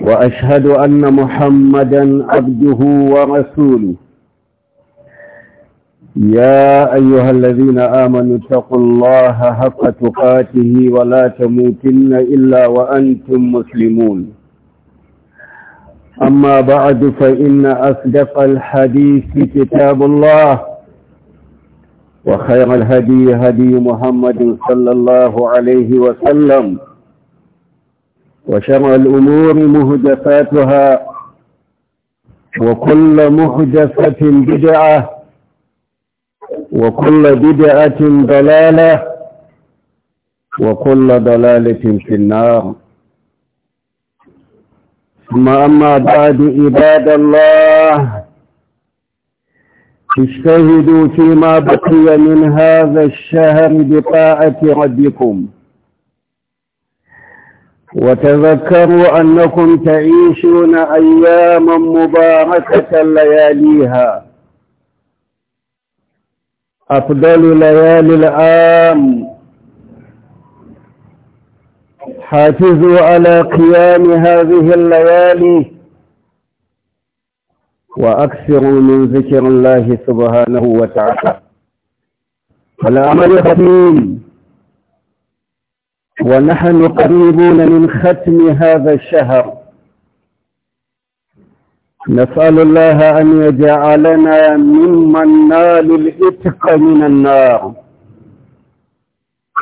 وأشهد أن محمدا عبده ورسوله يا أيها الذين آمنوا اتقوا الله حق تقاته ولا تموتن إلا وأنتم مسلمون أما بعد فإن أصدق الحديث كتاب الله وخير الهدي هدي محمد صلى الله عليه وسلم وشر الأمور مهدفاتها وكل مهدفة بدعة وكل بدعة ضلالة وكل ضلالة في النار ثم أما بعد عباد الله اجتهدوا فيما بقي من هذا الشهر بطاعة ربكم وتذكروا أنكم تعيشون أياما مباركة لياليها أفضل ليالي العام حافظوا على قيام هذه الليالي وأكثروا من ذكر الله سبحانه وتعالى العمل الخفيف ونحن قريبون من ختم هذا الشهر نسأل الله أن يجعلنا ممن نال الإتق من النار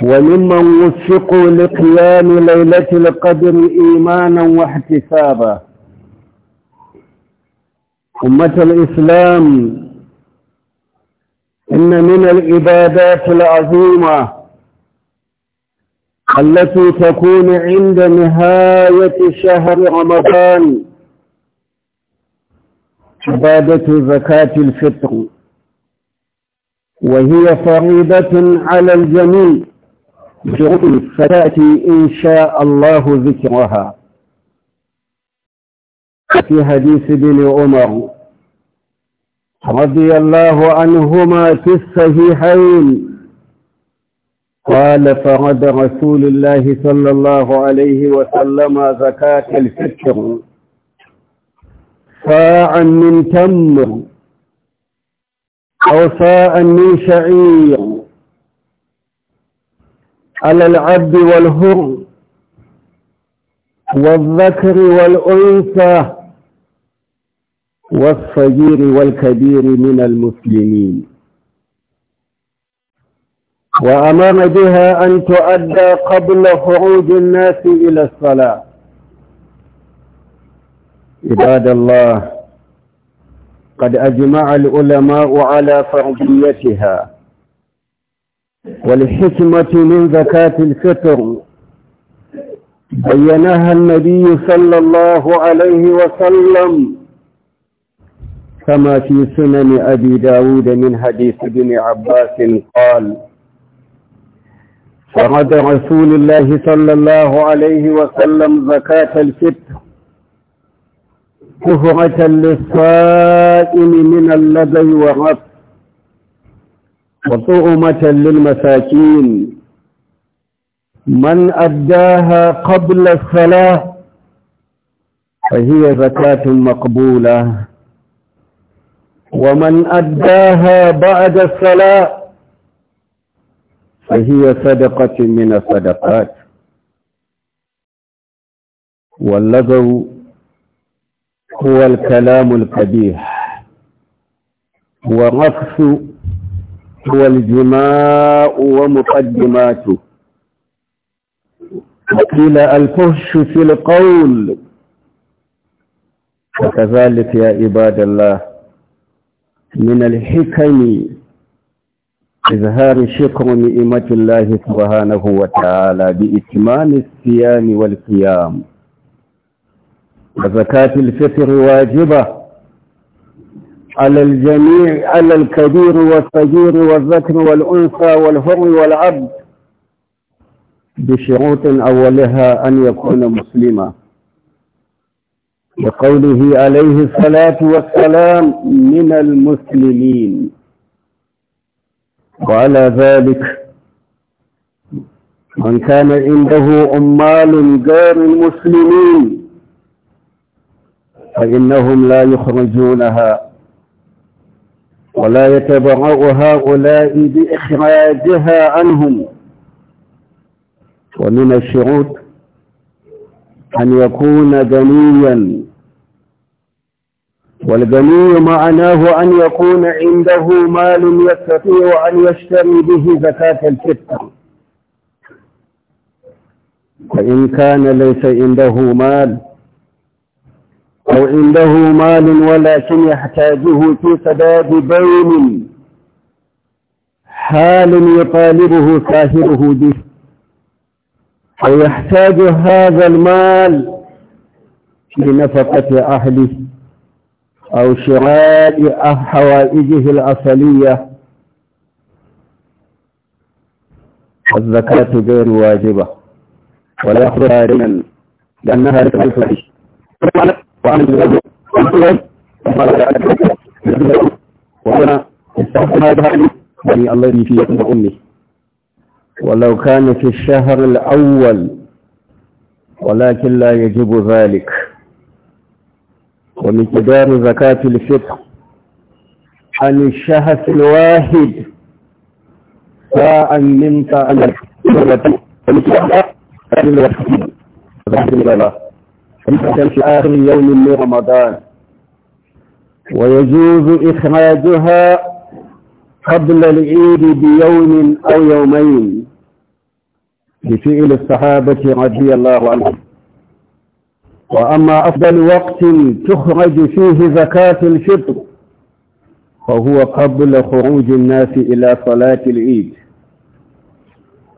وممن وفقوا لقيام ليلة القدر إيمانا واحتسابا أمة الإسلام إن من العبادات العظيمة التي تكون عند نهاية شهر رمضان عبادة زكاة الفطر وهي فريضة على الجميع فتأتي إن شاء الله ذكرها في حديث ابن عمر رضي الله عنهما في الصحيحين قال فرد رسول الله صلى الله عليه وسلم زكاة الفكر صاعا من تمر أو صاعا من شعير على العبد والهر والذكر والأنثى والصغير والكبير من المسلمين وأمر بها أن تؤدى قبل خروج الناس إلى الصلاة عباد الله قد أجمع العلماء على فرضيتها والحكمة من زكاة الفطر بينها النبي صلى الله عليه وسلم كما في سنن أبي داود من حديث ابن عباس قال فرد رسول الله صلى الله عليه وسلم زكاة الفطر كفرة للصائم من اللبن والرفث وطعمة للمساكين من أداها قبل الصلاة فهي زكاة مقبولة ومن أداها بعد الصلاة فهي صدقة من الصدقات واللغو هو الكلام الكبير ورقص هو الجماء ومقدماته وقيل الفهش في القول وكذلك يا عباد الله من الحكم إظهار شكر نعمة الله سبحانه وتعالى بإتمام الصيام والقيام وزكاة الفطر واجبة على الجميع على الكبير والصغير والذكر والأنثى والحر والعبد بشروط أولها أن يكون مسلما لقوله عليه الصلاة والسلام من المسلمين وعلى ذلك من كان عنده أمال غير المسلمين فإنهم لا يخرجونها ولا يتبرأ هؤلاء بإخراجها عنهم ومن الشروط أن يكون غنيا والغني معناه أن يكون عنده مال يستطيع أن يشتري به زكاة الفطر فإن كان ليس عنده مال أو عنده مال ولكن يحتاجه في سداد دين حال يطالبه ساهره به أو يحتاج هذا المال في نفقة أهله أو شراء حوائجه الأصلية الزكاة غير واجبة ولا خارما لأنها لتعرف وأنا يعني الله في أمي ولو كان في الشهر الأول ولكن لا يجب ذلك ومقدار زكاة الفطر عن الشهس الواحد ساعة من طعام في آخر يوم من رمضان ويجوز إخراجها قبل العيد بيوم أو يومين بفعل الصحابة رضي الله عنهم وأما أفضل وقت تخرج فيه زكاة الفطر فهو قبل خروج الناس إلى صلاة العيد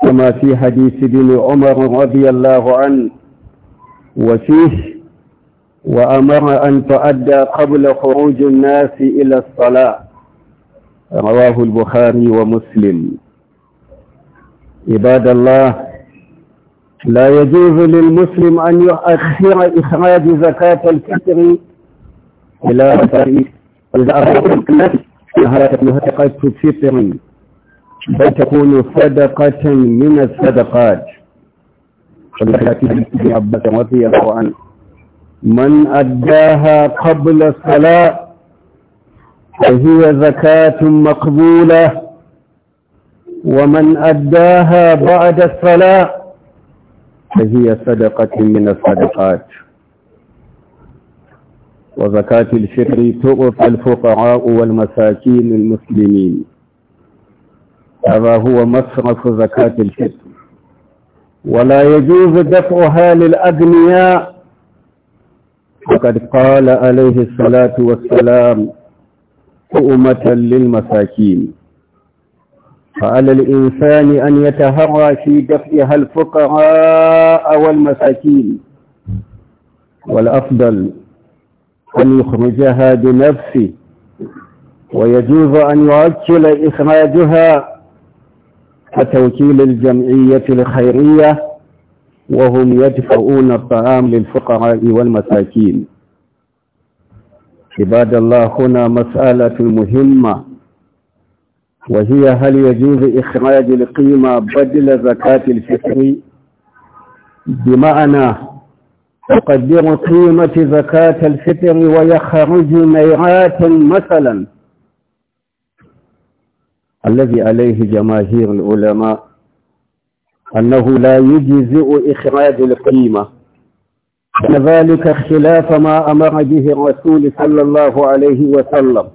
كما في حديث ابن عمر رضي الله عنه وفيه وأمر أن تؤدى قبل خروج الناس إلى الصلاة رواه البخاري ومسلم عباد الله لا يجوز للمسلم أن يؤخر إخراج زكاة الفطر إلى رفائه وإذا فطر بل تكون صدقة من الصدقات من أداها قبل الصلاة فهي زكاة مقبولة ومن أداها بعد الصلاة فهي صدقة من الصدقات وزكاة الفطر تؤفى الفقراء والمساكين المسلمين هذا هو مصرف زكاة الفطر ولا يجوز دفعها للأغنياء وقد قال عليه الصلاة والسلام أمة للمساكين فعلى الإنسان أن يتهرى في دفعها الفقراء والمساكين والأفضل أن يخرجها بنفسه ويجوز أن يؤجل إخراجها كتوكيل الجمعية الخيرية وهم يدفعون الطعام للفقراء والمساكين عباد الله هنا مسألة مهمة وهي هل يجوز إخراج القيمة بدل زكاة الفطر بمعنى تقدر قيمة زكاة الفطر ويخرج نيرات مثلا الذي عليه جماهير العلماء أنه لا يجزئ إخراج القيمة كذلك خلاف ما أمر به الرسول صلى الله عليه وسلم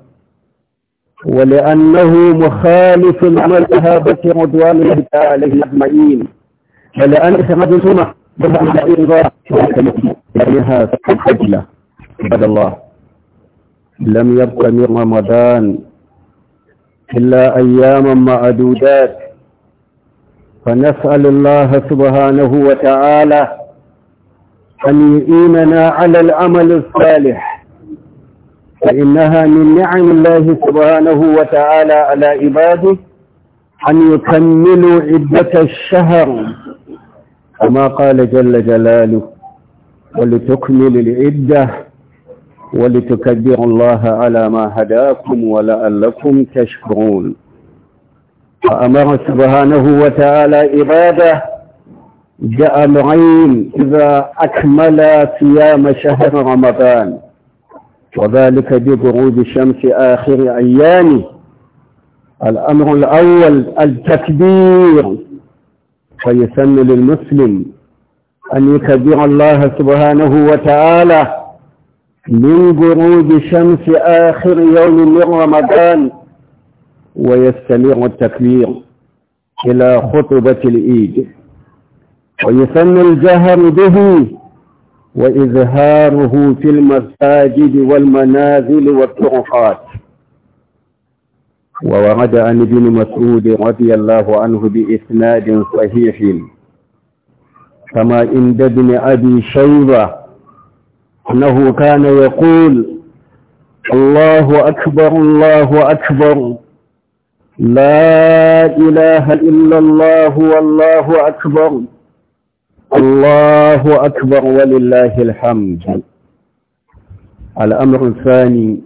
ولأنه مخالف المذهب رضوان الله عليه أجمعين ولأن إخراج ثم بها على إرضاء يعني هذا عباد الله لم يبق من رمضان إلا أياما معدودات فنسأل الله سبحانه وتعالى أن يعيننا على العمل الصالح فإنها من نعم الله سبحانه وتعالى على عباده أن يكملوا عدة الشهر كما قال جل جلاله ولتكمل العدة ولتكبروا الله على ما هداكم ولعلكم تشكرون فأمر سبحانه وتعالى عباده بأمرين إذا أكمل صيام شهر رمضان وذلك بغروب شمس آخر أيامه الأمر الأول التكبير فيسن للمسلم أن يكبر الله سبحانه وتعالى من غروب شمس آخر يوم من رمضان ويستمر التكبير إلى خطبة الإيد ويسن الجهر به وإظهاره في المساجد والمنازل والطرقات وورد عن ابن مسعود رضي الله عنه بإسناد صحيح كما عند ابن أبي شيبة أنه كان يقول الله أكبر الله أكبر لا إله إلا الله والله أكبر الله أكبر ولله الحمد الأمر الثاني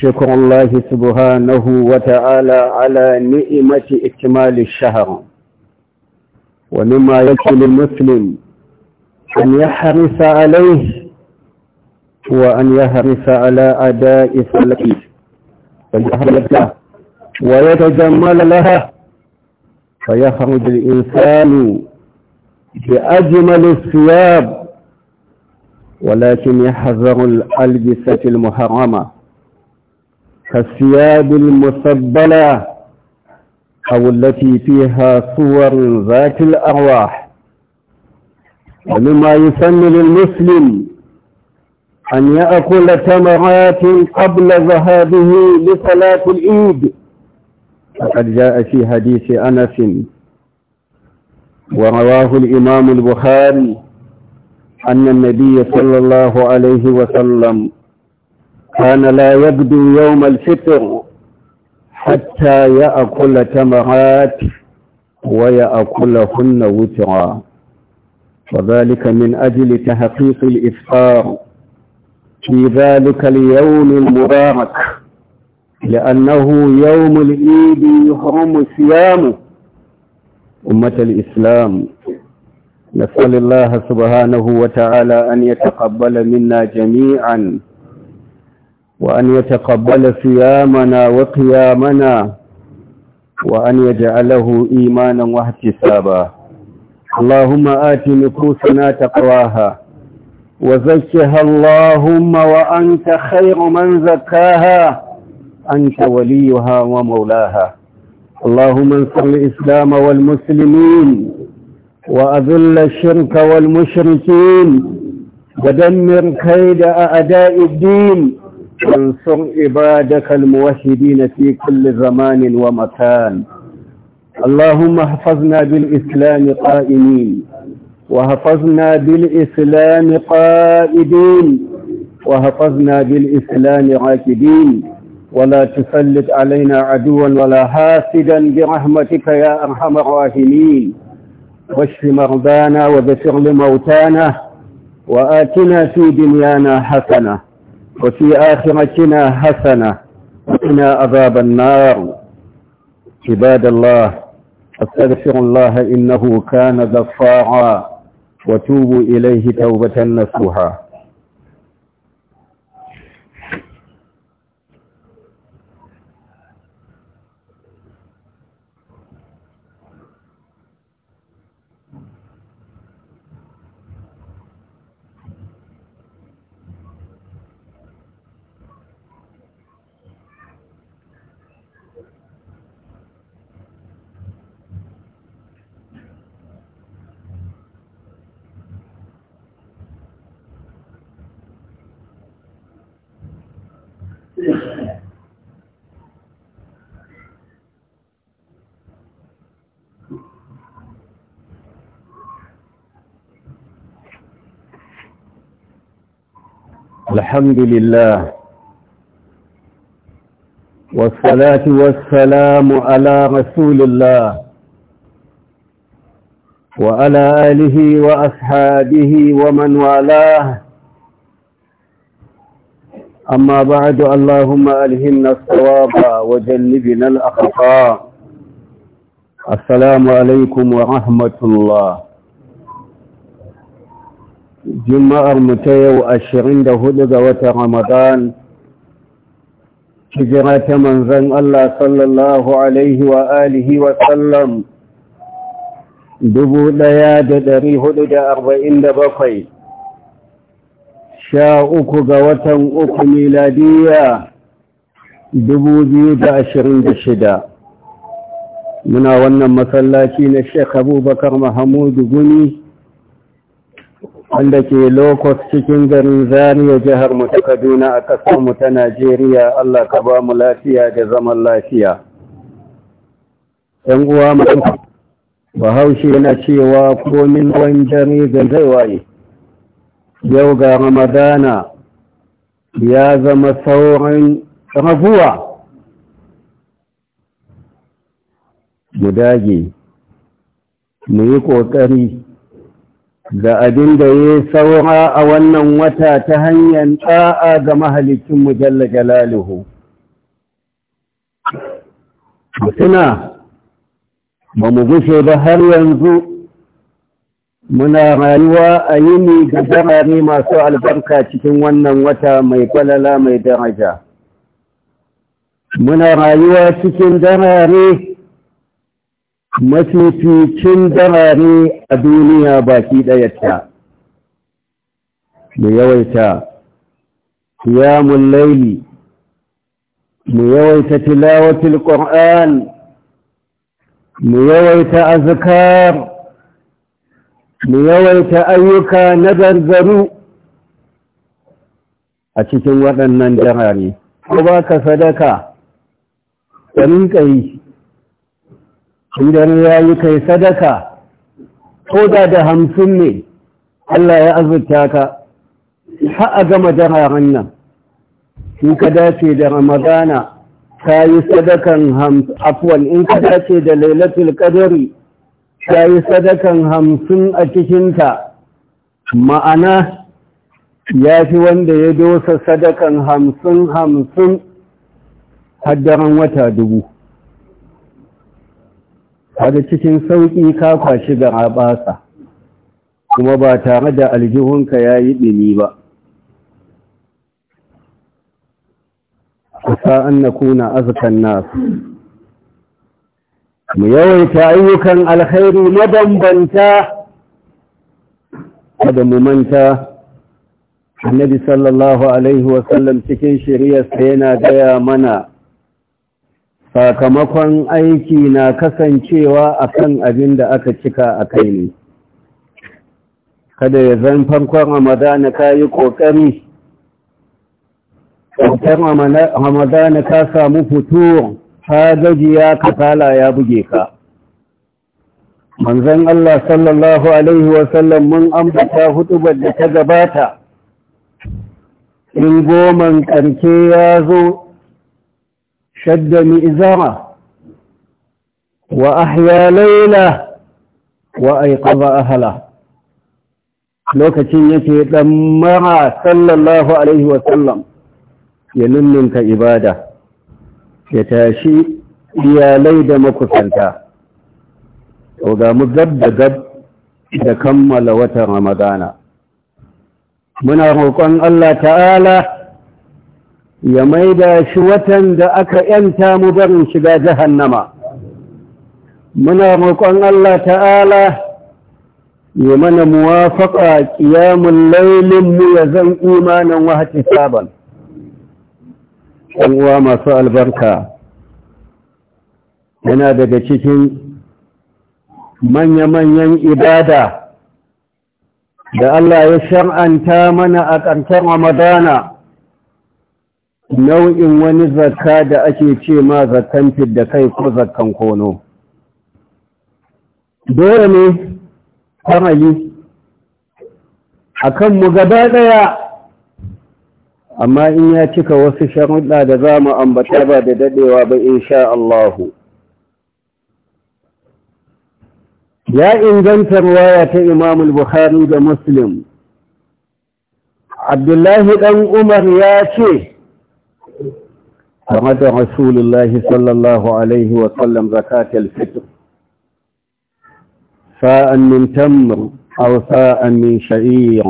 شكر الله سبحانه وتعالى على نئمة اكتمال الشهر ومما يكفي للمسلم أن يحرص عليه وأن يحرص على أداء صلاته ويحرص لها ويتجمل لها فيخرج الإنسان بأجمل الثياب ولكن يحذر الألبسة المحرمة كالثياب المسبلة أو التي فيها صور ذات الأرواح ومما يسن للمسلم أن يأكل ثمرات قبل ذهابه لصلاة العيد فقد جاء في حديث أنس ورواه الإمام البخاري أن النبي صلى الله عليه وسلم كان لا يبدو يوم الفطر حتى يأكل تمرات ويأكلهن وترا وذلك من أجل تحقيق الإفطار في ذلك اليوم المبارك لأنه يوم الإيد يحرم صيامه أمة الإسلام نسأل الله سبحانه وتعالى أن يتقبل منا جميعا وأن يتقبل صيامنا وقيامنا وأن يجعله إيمانا واحتسابا اللهم آت نفوسنا تقواها وزكها اللهم وأنت خير من زكاها أنت وليها ومولاها اللهم انصر الإسلام والمسلمين وأذل الشرك والمشركين ودمر كيد أعداء الدين وانصر عبادك الموحدين في كل زمان ومكان اللهم احفظنا بالإسلام قائمين وحفظنا بالإسلام قائدين وحفظنا بالإسلام راكدين ولا تسلط علينا عدوا ولا حاسدا برحمتك يا أرحم الراحمين واشف مرضانا وبشر لموتانا وآتنا في دنيانا حسنة وفي آخرتنا حسنة وقنا عذاب النار عباد الله استغفر الله إنه كان غفارا وتوبوا إليه توبة نصوحا الحمد لله والصلاة والسلام على رسول الله وعلى آله وأصحابه ومن والاه أما بعد اللهم ألهمنا الصواب وجنبنا الأخطاء السلام عليكم ورحمة الله juma'ar mu ta yau ashirin da hudu ga watan ramadan hijira ta manzan Allah sallallahu alaihi wa alihi wa dubu daya da dari hudu da arba'in da bakwai sha uku ga watan uku miladiya dubu biyu da ashirin da shida muna wannan masallaci na shekaru bakar mahamudu guni wanda ke lokos cikin garin zaniya jihar mu ta kaduna a ƙasarmu ta najeriya allah ka ba mu lafiya da zaman lafiya yan uwa mu bahaushe yana cewa komin wani dare zai waye yau ga ramadana ya zama sauran rabuwa mu dage mu yi ƙoƙari Da abin da ya saura a wannan wata ta hanyar ɗa'a ga mahalicin mujalla jalaluhu. Mutuna, ba mu gushe ba har yanzu muna rayuwa a yini da zarare masu albarka cikin wannan wata mai kwalala mai daraja. Muna rayuwa cikin zarare mafificin darare a duniya baki ta, mu yawaita kiyamun laili mu yawaita tilawatul ƙor'an mu yawaita azikar mu yawaita ayyuka na gargaru a cikin waɗannan darare ko ka sadaka ka ƙari idan ya yi kai sadaka ko da da hamsin ne Allah ya azurta ka har gama dararen nan in ka dace da ramadana ka yi sadakan hamsin afwan in ka dace da lailatul qadari ka yi sadakan hamsin a cikinta ma'ana ya fi wanda ya dosa sadakan hamsin hamsin haddaren wata dubu wadda cikin sauƙi ka kwashi ga abasa kuma ba tare da aljihunka ya yi ɗini ba kusa an na kuna azukan nasu mu yawaita ayyukan alkhairi mabambanta kada mu manta annabi sallallahu alaihi wasallam cikin shari'arsa yana gaya mana sakamakon aiki na kasancewa akan abin da aka cika a kai ne kada ya zan farkon ramadana ka yi ƙoƙari ƙoƙar ramadana ka samu fito ta gajiya kasala ya buge ka manzan Allah sallallahu Alaihi wasallam mun ambata hutubar da ta gabata in goman ƙarke ya zo شد مئزاره وأحيا ليله وأيقظ أهله lokacin yake ɗan mara sallallahu alaihi wasallam ya lullunka ibada ya tashi iyalai da makusanta to ga mu gab da gab da kammala watan ramadana muna roƙon Allah ta'ala ya maida shi watan da aka yanta mu barin shiga jahannama muna roƙon Allah ta'ala ya mana muwafaƙa ƙiyamun lailinmu ya zan imanin wahati saban uwa masu albarka yana daga cikin manya-manyan ibada da Allah ya shan'anta mana a ƙarshen Ramadana nau'in wani zakka da ake ce ma zakkan da kai ko zakkan kono dole ne yi. a mu gaba ɗaya amma in ya cika wasu sharuɗa da za mu ambata ba da daɗewa ba insha Allahu ya inganta ruwaya ta imamul bukhari da muslim abdullahi ɗan umar ya ce فرد رسول الله صلى الله عليه وسلم زكاة الفطر ساء من تمر أو ساء من شعير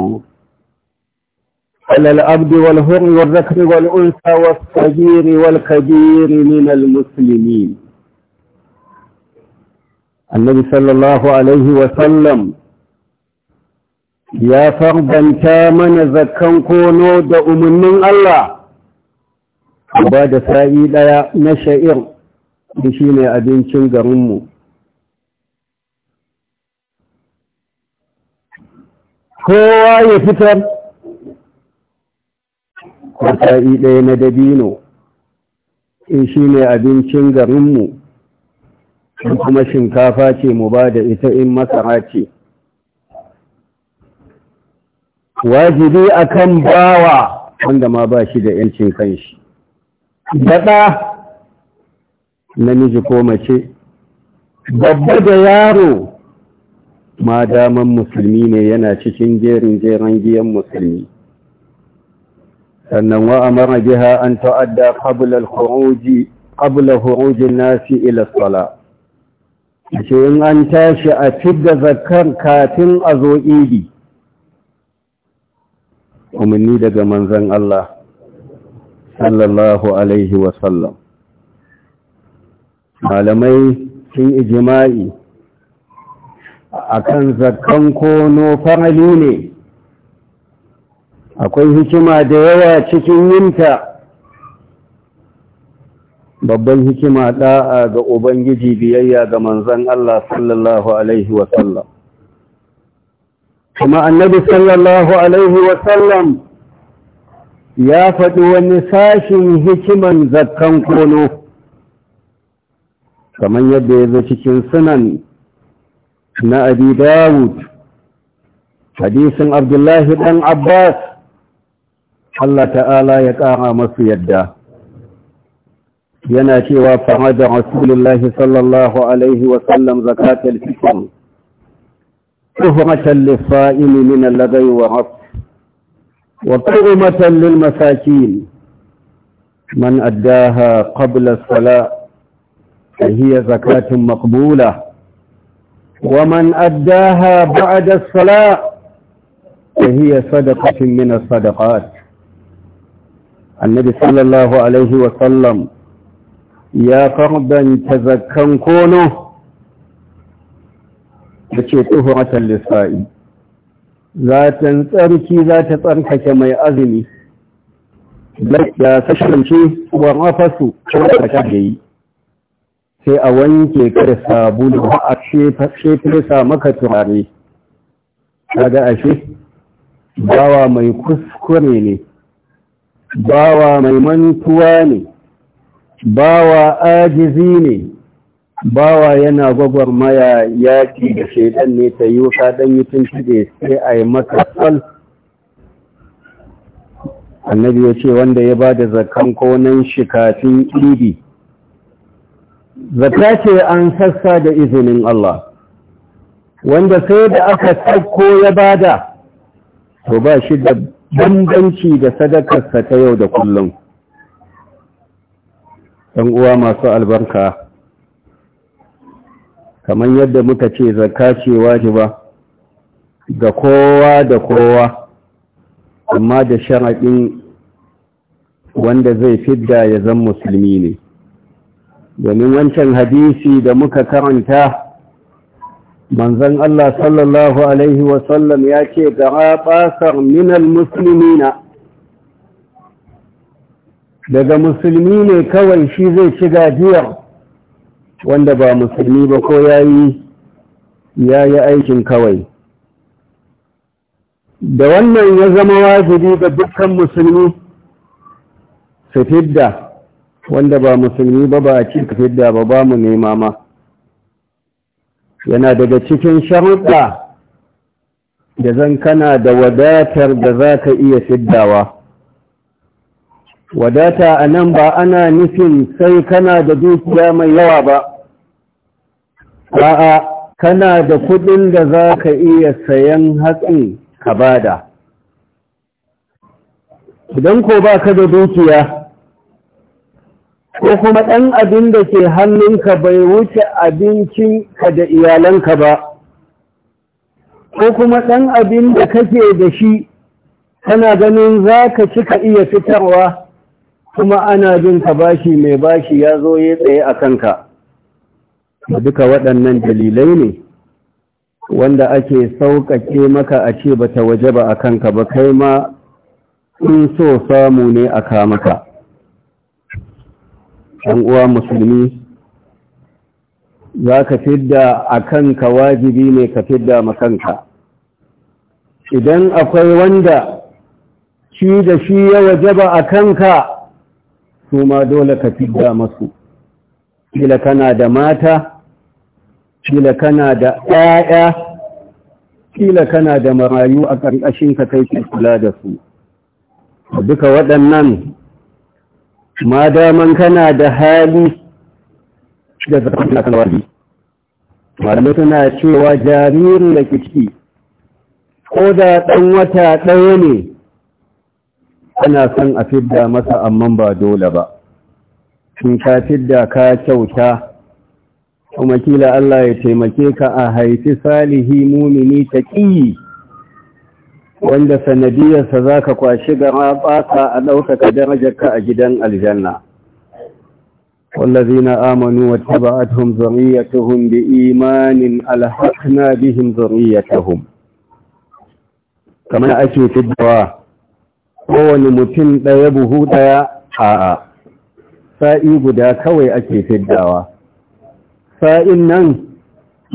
على العبد والهر والذكر والأنثى والصغير والكبير من المسلمين النبي صلى الله عليه وسلم يا فردا تامن زكا كونو دا أمنين الله ba da sa'i ɗaya na sha'ir da shi ne abincin garinmu kowa ya fitar da sa'i ɗaya na dabino in shi ne abincin garinmu in kuma shinkafa ce mu ba da ita in masara ce wajibi akan bawa wanda ma ba shi da 'yancin kanshi daɗa namiji ko mace babba da yaro ma daman musulmi ne yana cikin jerin jerin giyan musulmi sannan wa a mara biha an ta'adda qabla huruji nasi ila sala. in an tashi a da zakar kafin a zo idi umarni daga manzan Allah sallallahu alaihi wasallam malamai sun ijima'i akan zakan kono farali ne akwai hikima da yawa cikin yinta babban hikima da'a ga ubangiji biyayya ga manzan Allah sallallahu alaihi wasallam kuma annabi sallallahu alaihi wasallam ya faɗi wani sashin hikiman zakkan kono kamar yadda ya zo cikin sunan na abi dawud hadisin abdullahi ɗan abbas Allah ta'ala ya ƙara masu yadda yana cewa fama da rasulullahi sallallahu alaihi wasallam zakatul cikin. tuhmatan lis-sa'imi min al-ladai wa وطعمة للمساكين من أداها قبل الصلاة فهي زكاة مقبولة ومن أداها بعد الصلاة فهي صدقة من الصدقات النبي صلى الله عليه وسلم يا فردا تزكى كونه بشيء ce للصائم zatan tsarki za ta tsarkake mai azumi da sashirce wa rafasu wanda ta yi sai a wanke kare sabulu a shefesa maka turare kaga ashe bawa mai kuskure ne bawa mai mantuwa ne bawa ajizi ne bawa yana gwagwarmaya yaƙi da shaidan ne ta yi wuka ɗan yi shige sai a yi maka tsal annabi ya ce wanda ya ba da zakan konan shi kafin idi zaka ce an sassa da izinin Allah wanda sai da aka sauko ya bada to ba shi da bambanci da sadakarsa ta yau da kullum ɗan uwa masu albarka kamar yadda muka ce zarka ce wajiba ga kowa da kowa amma da sharaɗin wanda zai fidda ya zan musulmi ne domin wancan hadisi da muka karanta manzon Allah sallallahu alaihi wasallam ya ce ga basar minal na. daga musulmi ne kawai shi zai ci gajiyar wanda ba musulmi ba ko ya yi aikin kawai da wannan ya zama wajibi ga dukkan musulmi su fidda wanda ba musulmi ba ba a ci fidda ba ba mu nema ma yana daga cikin sharuɗa da zan kana da wadatar da za ka iya fiddawa wadata a nan ba ana nufin sai kana da dukiya mai yawa ba a'a kana da kudin da za ka iya sayan hatsin ka bada idan ko ba ka da dukiya ko kuma ɗan abin da ke hannunka bai wuce abincin ka da iyalanka ba ko kuma ɗan abin da kake da shi kana ganin za ka cika iya fitarwa kuma ana jin ka bashi mai bashi ya zo ya tsaye a kanka duka waɗannan dalilai ne wanda ake sauƙaƙe maka a ce ba ta waje ba a kanka ba kai ma in so samu ne a kamata Yan uwa musulmi za ka fidda a kanka wajibi ne ka fidda makanka idan akwai wanda shi da shi ya waje ba a kanka su ma dole ka fidda masu kila kana da mata kila kana da ƴaƴa kila kana da marayu a ƙarƙashin ka kai kula da su duka waɗannan ma daman kana da hali da zafin akan wani malamai suna cewa jaririn da ke ciki ko da ɗan wata ɗaya ne ana son a fidda masa amma ba dole ba sun ka fidda ka kyauta kuma kila Allah ya taimake ka a haifi salihi mumini taqi wanda sanadiyarsa zaka kwashi gara baka a daukaka darajarka a gidan aljanna والذين آمنوا واتبعتهم ذريتهم da ألحقنا بهم ذريتهم كما أكي في الدواء هو نمتن لا يبهو ديا حاء فإيقو دا كوي أكي في fidawa. fa’in nan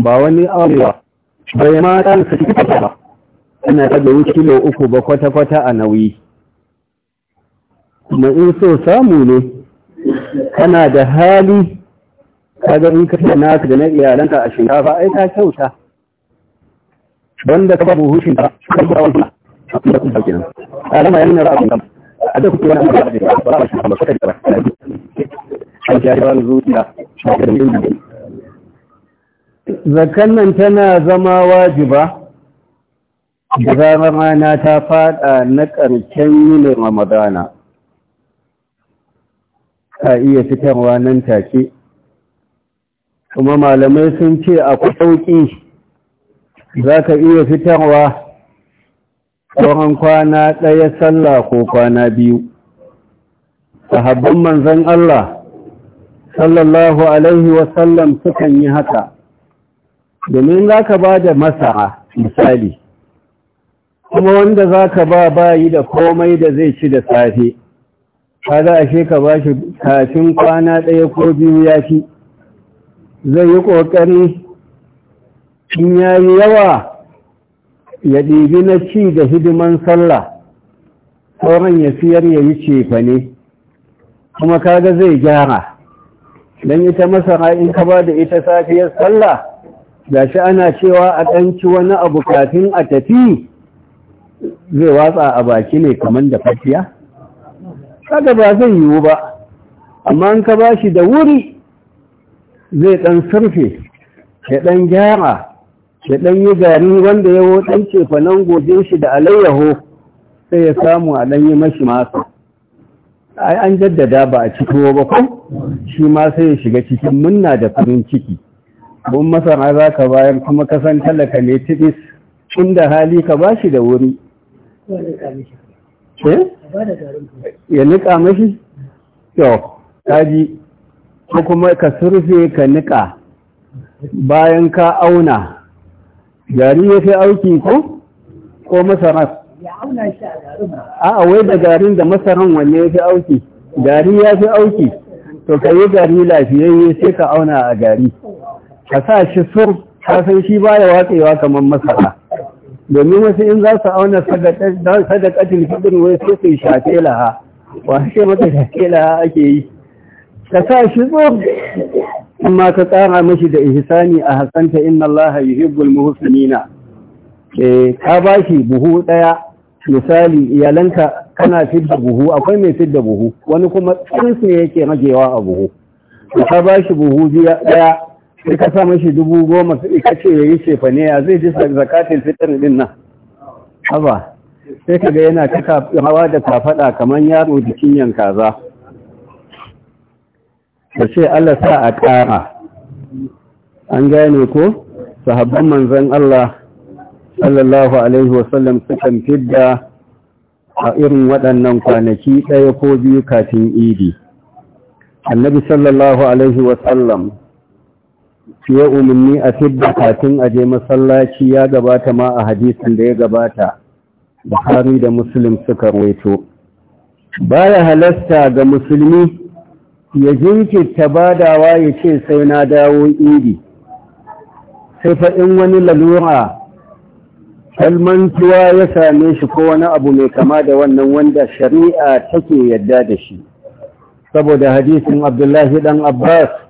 ba wani abuwa bai ma kansa cikin ba ana ta da kilo uku ba kwata-kwata a nauyi Ma in so samu ne kana da hali kaga in kashe naka da na iyalanka a shinkafa ai ta kyauta wanda ka babu ta ka ba wani da kuma alama yana ra'a kuma a da kuke wani abu da ba ba shi ba ka da ba ka da zuciya ka da zakan nan tana zama wajiba da zarar rana ta fada na ƙarshen yinin ramadana ka iya fitarwa nan take kuma malamai sun ce akwai sauƙi za ka iya fitarwa tsohon kwana ɗaya sallah ko kwana biyu sahabban manzan Allah sallallahu alaihi wasallam sukan yi haka domin za ka ba da masara misali kuma wanda za ka ba bayi da komai da zai ci da safe ka za a ka ba shi kafin kwana ɗaya ko biyu ya fi zai yi ƙoƙari in ya yi yawa ya ɗibi na ci da hidiman sallah sauran ya siyar ya yi cefa ne kuma kaga zai gyara don ita masara in ka ba da ita safiyar sallah gashi ana cewa a ɗanci wani abu kafin a tafi zai watsa a baki ne kamar da fafiya? Kada ba zai yiwu ba amma an ka bashi da wuri zai ɗan surfe ya ɗan gyara ya ɗan yi gari wanda ya wotan cefanen gojin shi da alayyaho sai ya samu a ɗan yi mashi masu an jaddada ba a cikin ba ko shi ma sai ya shiga cikin munna da farin ciki bun masara za ka bayan kuma ka san talaka ne tibis inda hali ka ba shi da wuri eh? Eh? ya nika mashi yau kaji ko kuma ka surfe ka nika bayan ka auna gari ya fi auki ko ko masara a wai da garin da masaran wanne ya fi auki gari ya fi auki to ka yi gari lafiyayye sai ka auna a gari ka sa shi sur ta san shi baya watsewa kamar masara domin wasu in za su auna sadakatin fidin wai sai su shafe laha wa sai mata shafe laha ake yi ka sa shi tsor amma ka tsara mashi da ihsani a hasanta inna Allah yuhibbul muhsinina eh ka bashi buhu ɗaya. misali iyalanka kana fidda buhu akwai mai fidda buhu wani kuma tsinsu yake ragewa a buhu ka bashi buhu ɗaya. sai ka sa mashi dubu goma sai ka ce ya yi shefa ya zai ji zakatin fitar din nan haba sai ka ga yana ta hawa da kafaɗa kamar yaro jikin cinyan kaza da ce Allah sa a ƙara an gane ko sahabban manzan Allah sallallahu alaihi wasallam sukan fidda a irin waɗannan kwanaki ɗaya ko biyu kafin idi annabi sallallahu alaihi wasallam fiye umarni a fidda katin aje masallaci ya gabata ma a hadisin da ya gabata Bukhari da musulun suka Ba baya halasta ga musulmi ya jinkirta badawa ya ce sai na dawo iri. sai faɗin wani lalura kalmantuwa ya same shi ko wani abu mai kama da wannan wanda shari'a take yadda da shi saboda hadisin Abdullahi dan Abbas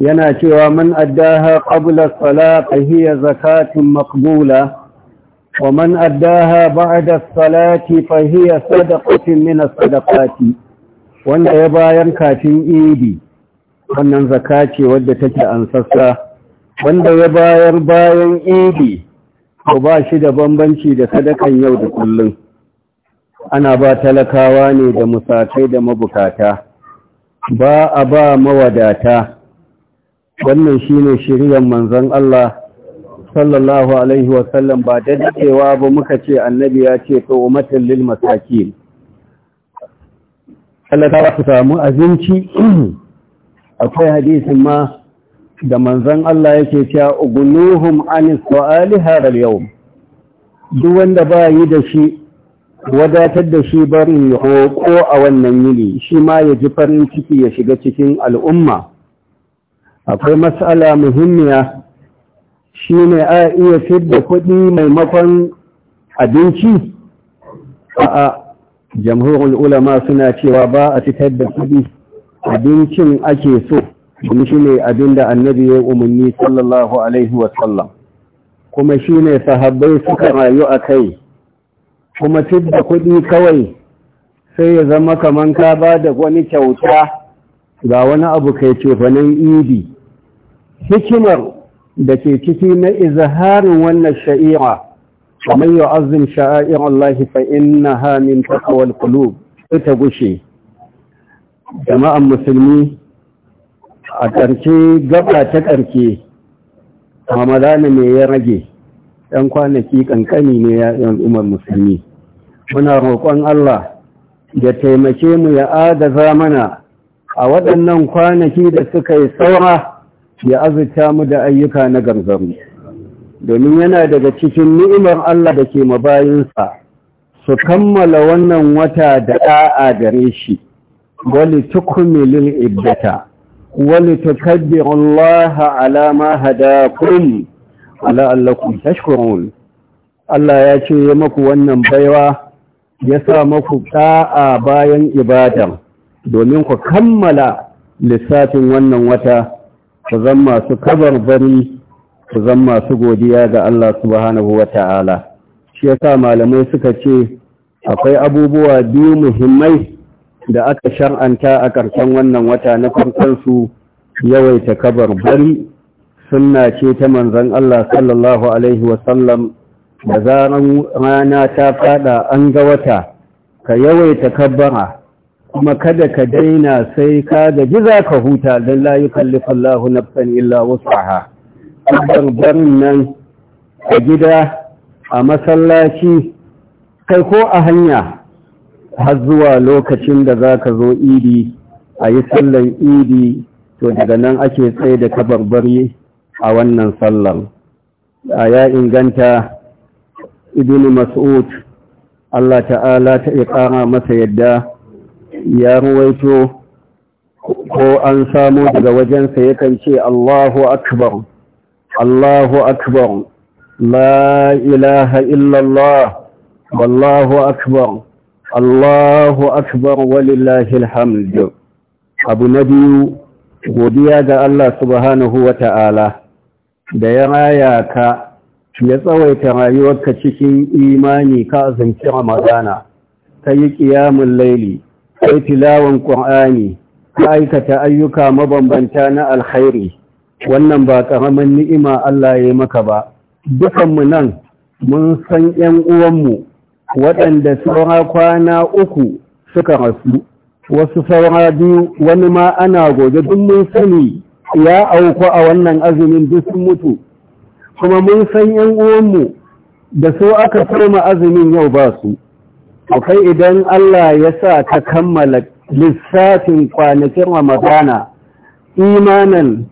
yana cewa man addaha qabla salati hiya zakatun maqbula wa man addaha ba'da salati fa hiya sadaqatun min as-sadaqati wanda ya bayan kafin idi wannan zakati wadda take ansasa, wanda ya bayar bayan idi ko ba shi da bambanci da sadakan yau da kullum ana ba talakawa ne da musakai da mabukata ba a ba mawadata wannan shi ne shirin manzan Allah sallallahu alaihi wasallam ba ba dadewa ba muka ce annabi ya ce to ummatul lil masakin Allah ta su samu azinci akwai hadisin ma da manzan Allah yake cewa ugunuhum anis su'ali haral yawm duk wanda ba yi da shi wadatar da shi barin ko a wannan yini shi ma ya ji farin ciki ya shiga cikin al'umma akwai matsala muhimmiya shi ne a iya fidda kuɗi maimakon abinci a jamhurin ulama suna cewa ba a fitar da kuɗi abincin ake so kuma shi ne abin da annabi ya umarni sallallahu alaihi wasallam kuma shi ne sahabbai suka rayu a kai kuma fidda kuɗi kawai sai ya zama kamar ka ba da wani kyauta ga wani abu kai cefanen idi hikimar da ke ciki na izaharin wannan sha'ira kamar yau azin sha'a'ir Allah fa ina hamin takawar kulub ta gushe jama'an musulmi a ƙarshe gaba ta ƙarshe ramadana ne ya rage ɗan kwanaki ƙanƙani ne ya al'ummar musulmi muna roƙon Allah ya taimake mu ya adaza mana a waɗannan kwanaki da suka yi saura ya azurta mu da ayyuka na gargaru domin yana daga cikin ni'imar Allah da ke mabayinsa su kammala wannan wata da ɗa'a gare shi wali tukmilil iddata wani tukabbiru Allah ala ma hadakum ala tashkurun Allah ya ce ya maku wannan baiwa ya sa maku ɗa'a bayan ibadan domin ku kammala lissafin wannan wata su zan masu kabarbari su zan masu godiya ga Allah subhanahu wa ta'ala shi yasa malamai suka ce akwai abubuwa biyu muhimmai da aka shar'anta a ƙarshen wannan wata na farkon su yawaita bari sunna ce ta manzon Allah sallallahu alaihi wa sallam da zaran rana ta fada an ga wata ka yawaita kabbara kuma kada ka daina sai ka gaji za ka huta don layu kallifan lahu nafsan illa wasaha barin nan a gida a masallaci kai ko a hanya har zuwa lokacin da za ka zo idi a yi sallan idi to daga nan ake tsaye da kabarbari a wannan sallan a ya inganta ibn mas'ud Allah ta'ala ta ƙara masa yadda ya ruwaito ko an samu daga wajensa yakan ce Allahu akbar Allahu akbar la ilaha illallah wallahu akbar Allahu akbar walillahi alhamd abu na biyu godiya ga Allah subhanahu wa ta'ala da ya raya ka ya tsawaita rayuwarka cikin imani ka azanci ramadana ka yi ƙiyamun laili Ai tilawan ƙur'ani aikata ayyuka mabambanta na alkhairi wannan ba ƙaramin ni'ima Allah ya maka ba dukanmu nan mun san 'yan uwanmu waɗanda saura kwana uku suka rasu wasu saura biyu wani ma ana gobe duk mun sani ya auku a wannan azumin duk sun mutu kuma mun san 'yan uwanmu da so aka soma azumin yau ba su kai idan Allah ya sa ka kammala lissafin kwanakin Ramadana imanan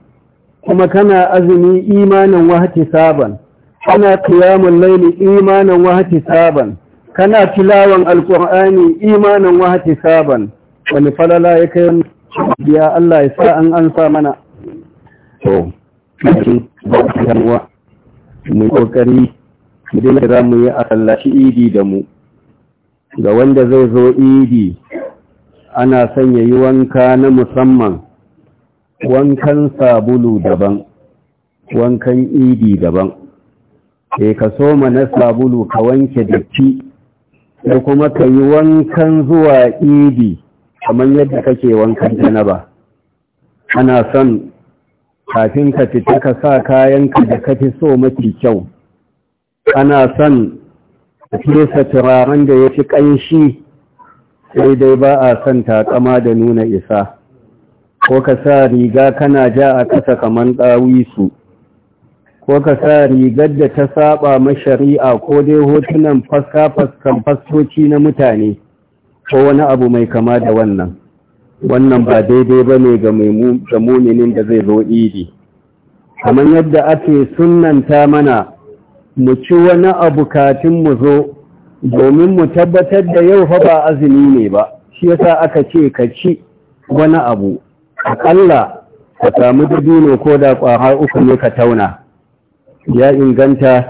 kuma kana azumi imanan wahati saban kana kiyamun laili imanan wahati saban kana tilawan alqur'ani imanan wahati saban wani falala ya kai ya Allah ya sa an an sa mana to mu kokari mu dinga za mu yi a shi idi da mu ga wanda zai zo idi ana son ya yi wanka na musamman wankan sabulu daban wankan idi daban e ka soma na sabulu ka wanke datti da kuma ka yi wankan zuwa idi kamar yadda kake wankan janaba ana son kafin ka fita ka sa kayanka da ka fi so mafi kyau ana son da fesa turaren da ya fi ƙanshi sai dai ba a son takama da nuna isa ko ka sa riga kana ja a kasa kamar ɗawisu ko ka sa rigar da ta saba mashari'a ko dai hotunan faska-faskan fastoci na mutane ko wani abu mai kama da wannan wannan ba daidai ba ne ga muminin da zai zo idi kamar yadda ake sunanta mana mu ci wani abu kafin mu zo domin mu tabbatar da yau fa ba azumi ne ba shi yasa aka ce ka ci wani abu akalla ka samu dabino ko da kwahar uku ne ka tauna ya inganta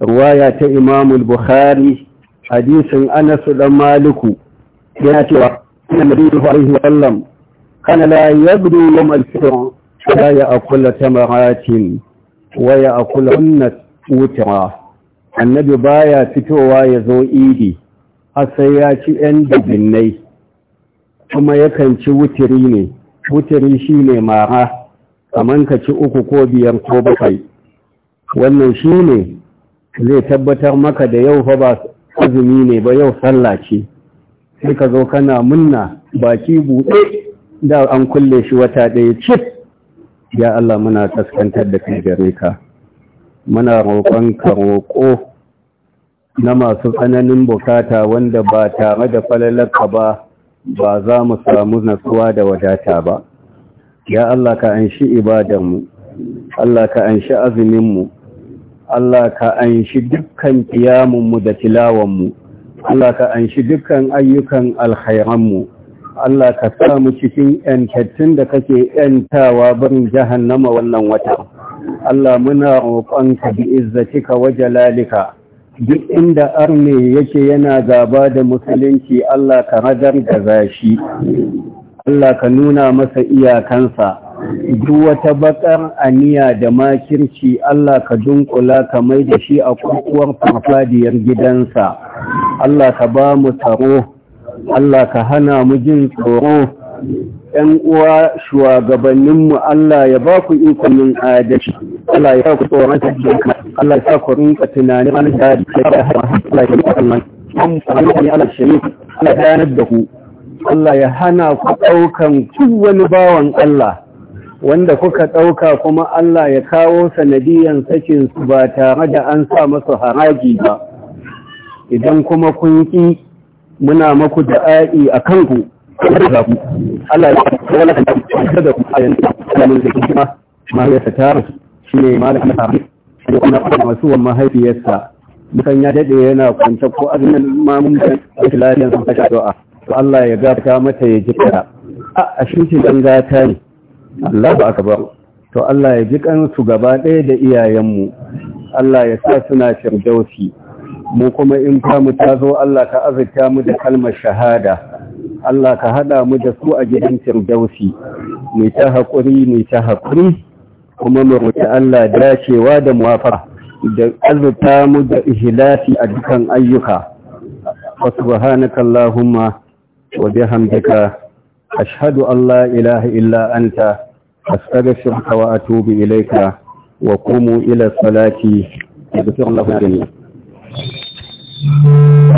ruwaya ta imamul bukhari hadisin anasu dan maliku yana cewa النبي صلى الله عليه وسلم كان لا يبدو يوم الفطر لا يأكل تمرات ويأكلهن wutara annabi baya fitowa ya zo idi har sai ya ci ‘yan dubinnai kuma yakan ci wutiri ne wutiri shi ne mara kamar ka ci uku ko biyar ko bakwai wannan shi ne zai tabbatar maka da yau fa ba azumi ne ba yau sallah ce sai ka zo kana munna baki buɗe da an kulle shi wata ɗaya cif ya Allah muna kaskantar da kai gare ka muna roƙon ka roƙo na masu tsananin bukata wanda ba tare da falalaka ba ba za mu samu nasuwa da wadata ba ya Allah ka anshi ibadarmu Allah ka anshi azuminmu Allah ka anshi dukkan kiyamunmu da tilawanmu Allah ka anshi dukkan ayyukan alkhairanmu Allah ka samu cikin yantattun da kake yantawa barin jahannama wannan watan. Allah muna roƙonka bi izzatika wa jalalika duk inda arne yake yana gaba da musulunci Allah ka radar da zashi Allah ka nuna masa iyakansa duk wata bakar aniya da makirci Allah ka dunkula ka mai da shi a kurkuwar farfadiyar gidansa Allah ka ba mu tsaro Allah ka hana mu jin tsoro ‘yan uwa shugabanninmu Allah ya ba ku ikon yin adalci, Allah ya sa ku tsoron tafiya, Allah ya sa ku rinka tunanin an da ya haka Allah ya yi Allah Allah shiri, Allah ya yanar ku, Allah ya hana ku ɗaukan duk wani bawan Allah, wanda kuka ɗauka kuma Allah ya kawo sanadiyan sakin su ba tare da an sa masu haraji ba. Idan kuma kun ƙi muna maku da'a'i a kanku, kada ku Allah ya wala kan kada ku ayan Allah ne zai kuma mahaifiyarsa ta rasu shi ne malam na tafi da kuma kuma masuwan mahaifiyarsa Mutan ya daɗe yana kwance ko azumin mamun da rashin lafiyar sun kashe zuwa. to Allah ya gafata mata ya jikara a ashin shi dan gata ne Allah ba akbar to Allah ya ji kansu gaba ɗaya da iyayenmu Allah ya sa suna firdausi mu kuma in ta mu ta zo Allah ka azurta mu da kalmar shahada Allah ka haɗa mu da su a gidan firdausi mai ta haƙuri mai ta haƙuri kuma mu Allah dacewa da muwafara da azurta mu da ihlasi a dukan ayyuka wa subhanaka allahumma wa bihamdika ashhadu an la ilaha illa anta astaghfiruka wa atubu ilayka wa qumu ila salati